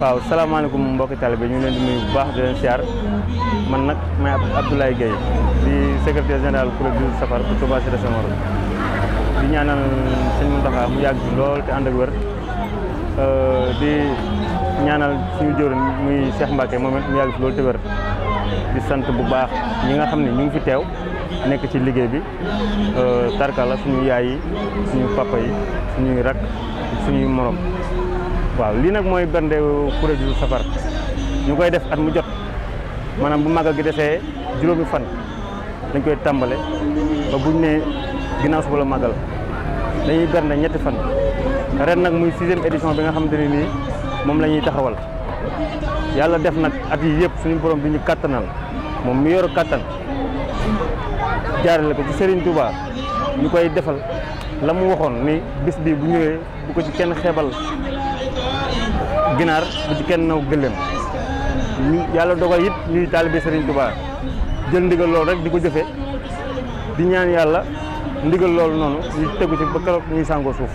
waaw salaamaaleykum mbokki taalibe ñu leen di nuyu bu baax di leen siyaar man nag may Abdoulaye Gueye di secrétaire général kuréel du safar pour Touba Cité Senghor di ñaanal sëñ Mountakha yàgg lool te ànd ak euh, di ñaanal suñu jëwriñ muy Cheikh moom it mu yàgg fi loolu te wér di sant bu baax ñi nga xam ne ñu ngi fi teew nekk ci liggéey bi euh, tarkala suñu yaay yi suñu papa yi suñuy rak suñuy morom waaw lii nag mooy bernde kuréel du safar ñu koy def at mu jot maanaam bu màggal gi defee juróomi fan dañ koy tàmbale ba buñ ne ginnaaw suba la màggal dañuy bernde ñetti fan ren nag muy sixième édition bi nga xamante ne nii moom la ñuy taxawal yàlla def nag at yi yëpp suñu borom bi ñu kàttanal moom mi yor kàttan jaarale ko ci Serigne Touba ñu koy defal la mu waxoon ni bis bi bu ñëwee bu ko ci kenn xeebal ginaar bu ci kenn naw gëléem yàlla dogal it ñuy taalibe Serigne Touba jël ndigal loolu rek di ko jëfee di ñaan yàlla ndigal loolu noonu ñu tegu ci ba keroog ñuy sàngoo suuf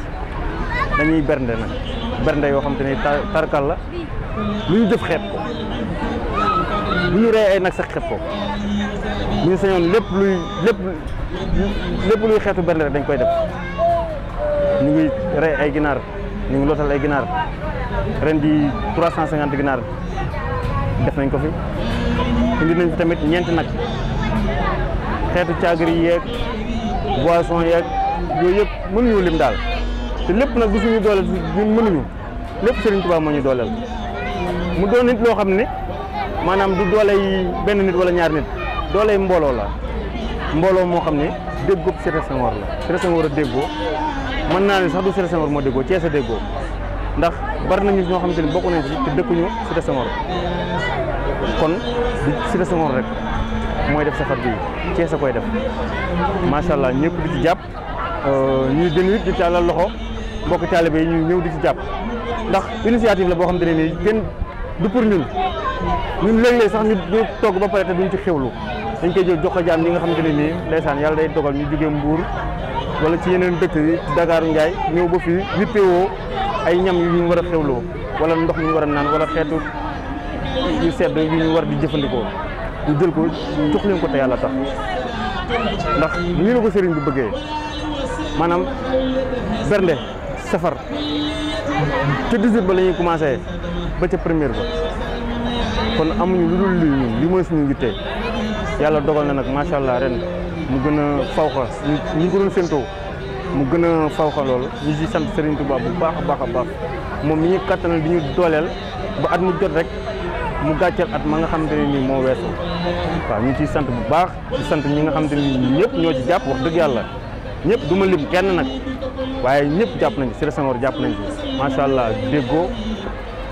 dañuy bernde nag bernde yoo xam te ni la lu jëf xeeb ko lu ñu rey ay nag sax xeeb ko bu ñu lépp luy lépp luy xeetu bernde dañ koy def ñu ngi rey ay ginaar ñu ngi lootal ay ginaar ren cent 350 ginaar def nañ ko fi indi nañ tamit ñeenti nag xeetu caagri yeeg boisson yeeg yooyu yëpp mënuñu lim daal te lépp nag du suñu dooleel ñun mënuñu lépp Serigne Touba moo ñu dooleel mu doon nit loo xam ne maanaam du dooley benn nit wala ñaar nit dooley mbooloo la mbooloo moo xam ne déggoo Sédar Senghor la Sédar Senghor a déggoo mën naa ne sax du Sédar Senghor moo déggoo Cees a déggoo ndax bari nañu ñoo xamante ni bokk nañ ci te dëkkuñu Cité Senghor kon du Cité Senghor rek mooy def safar bi Cees a koy def macha allah ñëpp di ci jàpp euh, ñuy gën wit di tàllal loxo mbokk taalibe yi ñuy ñëw di ci jàpp ndax initiative la boo xam ne nii gën du pour ñun ñun léeg-léeg sax ñu togg ba pare te duñ ci xewlu dañ koy jël jox ko jaam yi nga xamante ne nii ndeysaan yàlla day dogal ñu jógee Mbuur wala ci yeneen dëkk dakaaru Dakar Ndiaye ñëw ba fii wippewoo ay ñam yu ñu war a xewloo wala ndox mi ñu war a naan walla xeetu yu sedd yu ñu war di jëfandikoo ñu jël ko jox leen ko te yàlla tax ndax nii la ko sëriñ bi bëggee maanaam bernde safar ca 18 ba lañuy ñuy commencé ba ca première ba kon amuñu lu dul lii ñun li mooy suñu yitte yàlla dogal na nag macha allah ren mu gën a fawxa ñu ko doon séntoo mu gën a fawxa loolu ñu sant Serigne Touba bu baax a baax a baax moom mi ñu kattanal di ñu dooleel ba at mu jot rek mu gàcceel at ma nga xamante ne nii moo weesu waaw ñu ciy sant bu baax di sant ñi nga xamante ne nii ñëpp ñoo ci jàpp wax dëgg yàlla ñëpp du ma lim kenn nag waaye ñëpp jàpp nañ ci Sëriñ Senghor jàpp nañ ci macha allah déggoo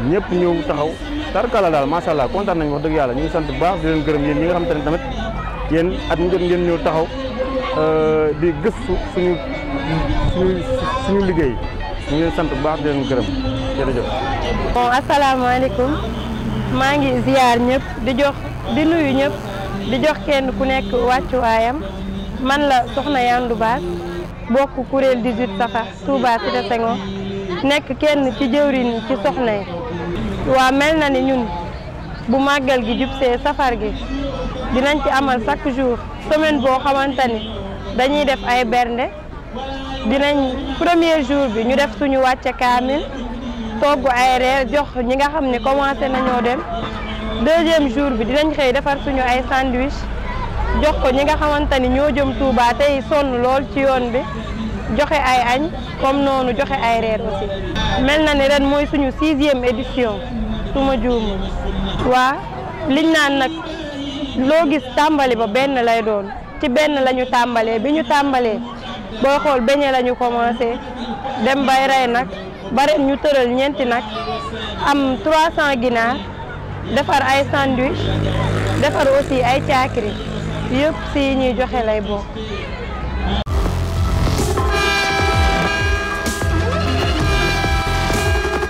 ñëpp ñëw taxaw tarkala daal macha allah kontaan nañ wax dëgg yàlla ñu ngi sant bu baax di leen gërëm yéen ñi nga xamante ne tamit yéen at mu jot ñëw taxaw euh, di gëstu suñu suñu suñu liggéey ñu leen sant bu baax di leen gërëm jërëjëf. bon asalaamaaleykum maa ngi ziar ñëpp di jox di nuyu ñëpp di jox kenn ku nekk wàccuwaayam man la Soxna Yandou Ba bokk kuréel 18 safar Touba Cité Senghor nekk kenn ci jëwriñ ci soxna yi. waa mel na ni ñun bu màggal gi jubsee safar gi dinañ ci amal chaque jour semaine boo xamante ni dañuy def ay bernde. dinañ premier jour bi ñu def suñu wàcce kaamil togg ay reer jox ñi nga xam ni commencé nañoo dem deuxième jour bi dinañ xëy defar suñu ay sandwich jox ko ñi nga xamante ni ñoo jëm Touba tey sonn lool ci yoon bi joxe ay añ comme noonu joxe ay reer aussi. mel na ni ren mooy suñu sixième édition su ma juumul waa liñ naan nag loo gis tàmbali ba benn lay doon ci benn la ñu tàmbalee bi ñu tàmbalee. booy xool beñe la ñu dem bay rey nag ba ñu tëral ñeenti nag am 300 ginaar defar ay sandwich defar aussi ay caakiri yëpp si ñuy joxe lay bokk.